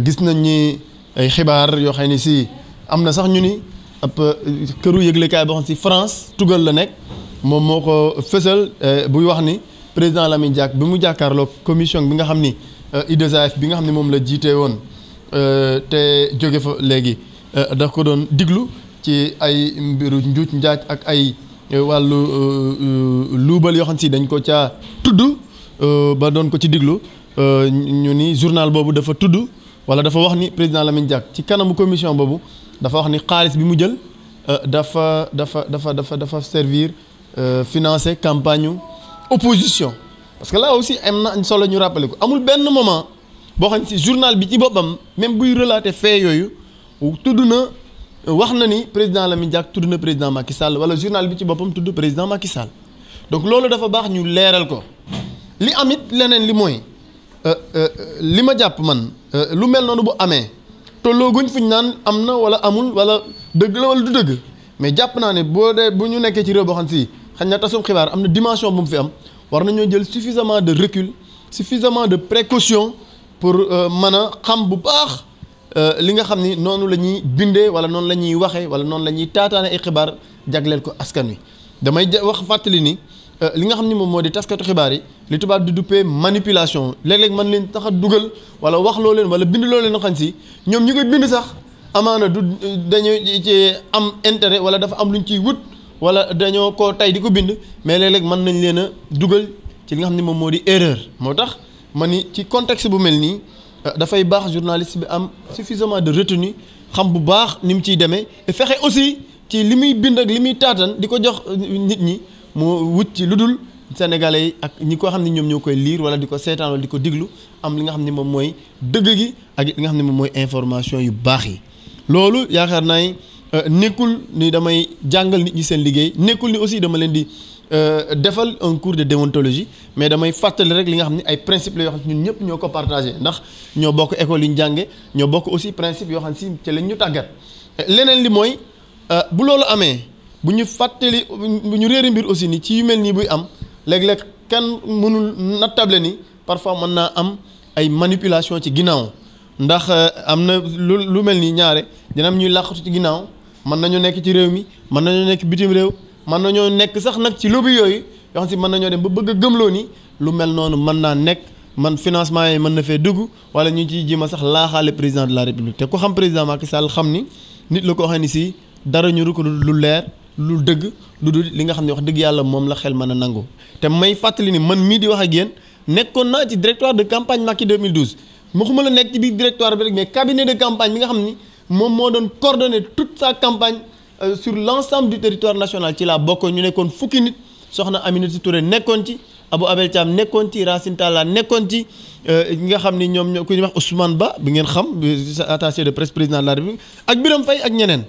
gis nañ ni ay xibaar yoo xam ne si am na sax ñu ni ab euh, këru yëglekaay boo xam si France tugal la nekk moom moo ko fësal euh, buy wax ni président la Lamine Diack bi mu jàkkaarloo commission bi nga xam ni euh, IAAF bi nga xam ni moom la jiite woon te jóge fa léegi daf ko doon diglu ci ay mbiru njuuj njaaj ak ay wàllu luubal yoo xam si dañ ko caa tudd ba doon ko ci diglu ñu ni journal boobu dafa tudd wala dafa wax ni président Lamine Diack ci kanamu commission boobu dafa wax ni xaalis bi mu jël euh, dafa dafa dafa dafa dafa servir euh, financer campagne opposition parce que la aussi am na solo ñu rappelé ko amul benn moment boo xam si journal bi ci boppam même buy relater fait yooyu tudd na wax na ni président Lamine Diack tudd na président Macky Sall wala journal bi ci boppam tudd président Macky donc loolu dafa baax ñu leeral ko li amit leneen li Euh, euh, li ma jàpp man euh, lu mel noonu bu amee tollooguñ fuñ naan am na wala amul wala dëgg la wala du dëgg mais jàpp naa ne boo dee bu ñu nekkee ci réew boo xam si xañ na tasum xibaar am na dimension bu mu fi am war nañoo jël suffisamment de recul suffisamment de précaution pour mën a xam bu baax li nga xam ni noonu la ñuy bindee wala noonu la ñuy waxee wala noonu la ñuy taataane ay xibaar jagleel ko askan wi damay wax fàttali ni. Euh, li nga xam ni moom moo di taskatu xibaar yi li tubaab di duppee manipulation léeg-léeg mën leen tax a dugal wala wax loo leen wala bind loo leen xañ si ñoom ñu koy bind sax amaana du dañoo ci am intérêt wala dafa am lu ñu ciy wut wala dañoo ko tay di ko bind mais léeg-léeg mën nañ leen a dugal ci li nga xam ni moom moo di erreur moo tax ma ni ci contexte bu mel nii euh, dafay baax journaliste bi am suffisamment de retenue xam bu baax ni mu ciy demee fexe aussi ci li muy bind ak li muy taatan di ko jox nit ñi moo wut ci lu dul sénégalais yi ak ñi ko xam ne ñoom ñoo koy liir wala di ko seetaan wala di ko diglu am li nga xam ne moom mooy dëgg gi ak nga xam ne moom mooy information yu baax yi loolu yaakaar naa ni euh, nekkul ni damay jàngal nit ñi seen liggéey nekkul ni aussi dama leen di euh, defal un cours de déontologie mais damay fàttali rek li nga xam ne ay principes la yoo xam ne ñun ñëpp ñoo ko partagé ndax ñoo bokk école yu ñu jànge ñoo bokk aussi principe yoo xam ne si ci lañ ñu tàggat leneen li mooy euh, bu loolu amee. bu ñu fàttali bu ñu réeri mbir aussi ni ci mel nii buy am léeg-léeg kenn mënul nattable ni parfois mën naa am ay manipulation ci ginnaaw ndax euh, am na lu lu mel nii ñaare dinam ñuy làqatu ci ginnaaw mën nañu nekk ci réew mi mën nañu nekk bitim réew mën nañoo nekk sax nag ci lobby yooyu yoo si mën nañoo dem ba bëgg gëmloo ni lu mel noonu mën naa nekk man financement yi mën na fee dugg wala ñu ciy jéem a sax laaxaale président de la république te ku xam président Macky Sall xam ni nit la ko waxee si dara ñu rukk lu leer. lu dëgg lu dul li nga xam ne wax dëgg yàlla moom la xel mën a nangu te may fàttali ni man mii di wax a yéen nekkoon naa ci directoire de campagne Macky 2012 waxuma la nekk ci biir directoire bi rek mais cabinet de campagne bi nga xam ni moom moo doon coordonner tut sa campagne euh, sur l'ensemble du territoire national ci la bokkoon ñu nekkoon fukki nit soxna Aminata Touré nekkoon ci Abou Abel Thiam nekkoon ci Racine Talla nekkoon ci euh, ñi nga xam ni ñoom ñoo ku ñuy wax Ousmane Ba bi ngeen xam attaché de presse président de la République ak ak ñeneen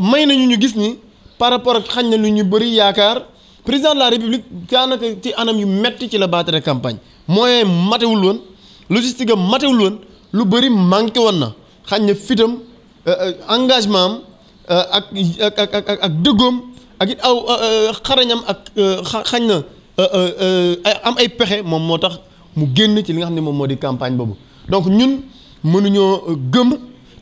may na ñu ñu gis ni par rapport ak xañ na lu ñu bëri yaakaar président de la république daanaka ci anam yu metti ci la battre campagne moyen matewul woon logistique am matewul woon lu bëri manqué woon na xañ na fitam euh, euh, engagement am euh, ak ak ak ak dëggoom ak it aw xarañam ak xañ na am ay pexe moom moo tax mu génn ci li nga xam ni moom moo di campagne boobu donc ñun mënuñoo gëm.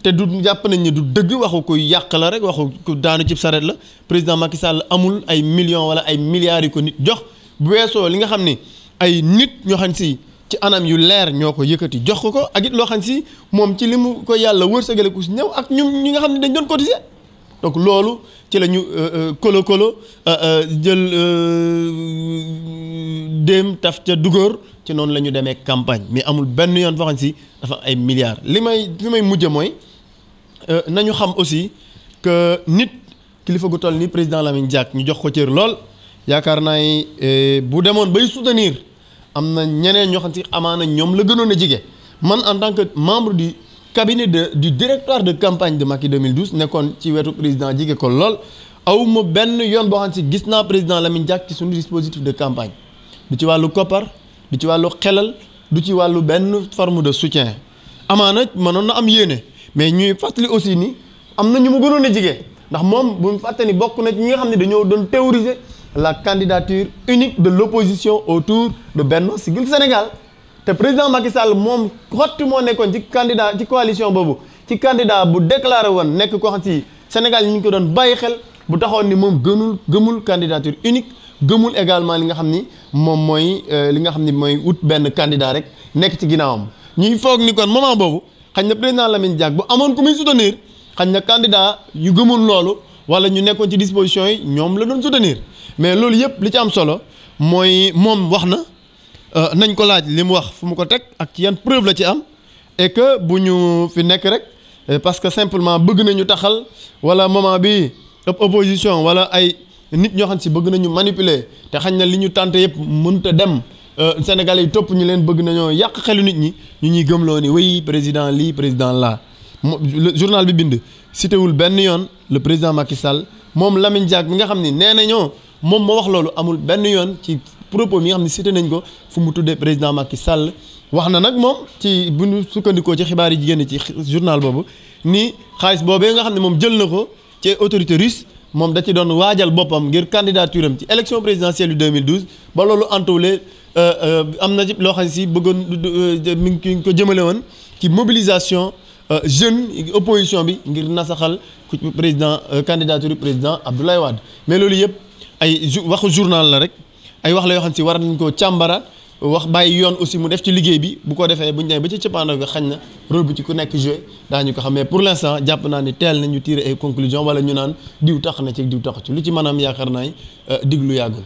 te du jàpp nañ ne du dëgg waxu ko yàq la rek waxu ku daanu ci saret la président Macky Sall amul ay millions wala ay milliards yu ko nit jox bu weesoo li nga xam ni ay nit ñoo xam si ci anam yu leer ñoo ko yëkkati jox ko ko ak it loo si moom ci li mu ko yàlla wërsëgale ku si ñëw ak ñun ñi nga xam ne dañ doon cotiser donc loolu ci la ñu euh, euh, kolo kolo euh, jël dém taf ca dugóor ci noonu la ñu demee campagne mais amul benn yoon foo xam si dafa ay milliards li may li may mujj mooy. Euh, nañu xam aussi que nit kilifa gu toll ni président Lamine Diack ñu jox ko cër lool yaakaar naa ni eh, bu demoon bay soutenir am na ñeneen ñoo xam si amaana ñoom la gënoon a jige man en tant que membre du cabinet de du directoire de campagne de Macky 2012 nekkoon ci wetu président jige ko lool awma benn yoon boo xam si gis naa président Lamine Diack ci suñu dispositif de campagne du ci wàllu koppar du ci wàllu xelal du ci wàllu benn forme de soutien amaana mënoon na am yéene. mais ñuy fàttali aussi ni am na ñu mu gënoon a jege ndax moom bu ñu fàttali bokk na ci ñi nga xam ne dañoo doon théoriser la candidature unique de l'opposition autour de benn Siggil Sénégal te président Macky Sall moom xott moo nekkoon ci candidat ci coalition boobu ci candidat bu déclaré woon nekk ko xam Sénégal yi ñu ko doon bàyyi xel bu taxoon ni moom gënul gëmul candidature unique gëmul également li nga xam ni moom mooy euh, li nga xam ni mooy wut benn candidat rek nekk ci ginnaawam ñuy foog ni kon moment boobu. xañ na président Lamine Diack bu amoon ku muy soutenir xañ na candidat yu gëmoon loolu wala ñu nekkoon ci disposition yi ñoom la doon soutenir mais loolu yëpp li ci am solo mooy moom wax na euh, nañ ko laaj li mu wax fu mu ko teg ak ci yan preuve la ci am et que bu ñu fi nekk rek euh, parce que simplement bëgg nañu taxal wala moment bi ëpp opposition wala ay nit ñoo xam si bëgg nañu manipuler te xañ na li ñu tànte yëpp mënut a dem Euh, Sénégalais yi topp ñu leen bëgg nañoo yàq xelu nit ñi ñu ñuy gëmloo ni oui président lii président la laa journal bi bind citéwul benn yoon le président Macky Sall moom Lamine Diack mi nga xam ni nee nañoo moom moo wax loolu amul benn yoon ci propos mi nga xam ne cité nañ ko fu mu tuddee président Macky Sall wax na nag moom ci bu nu sukkandikoo ci xibaar yi jigéen ci journal boobu ni xaalis boobee nga xam ne moom jël na ko ci autorité russe moom da ci doon waajal boppam ngir candidature am ci élection présidentielle yu 2012 ba loolu antawulee Euh, euh, am na loo xam si bëggoon euh, mi ngi ko jëmale woon ci mobilisation jeune opposition bi ngir nasaxal président candidature président Abdoulaye Wade mais loolu yëpp ay waxu journal la rek ay wax la yoo xam si war a nañ ko càmbara wax bàyyi yoon aussi mu def ci liggéey bi bu ko defee bu ñu demee ba ci cëppaandaw ga xañ na rôle bu ci ku nekk joué daañu ko xam mais pour l'instant jàpp naa ni teel nañu tirer ay conclusion wala ñu naan diw tax na ci diw tax ci lu ci maanaam yaakaar diglu yàggul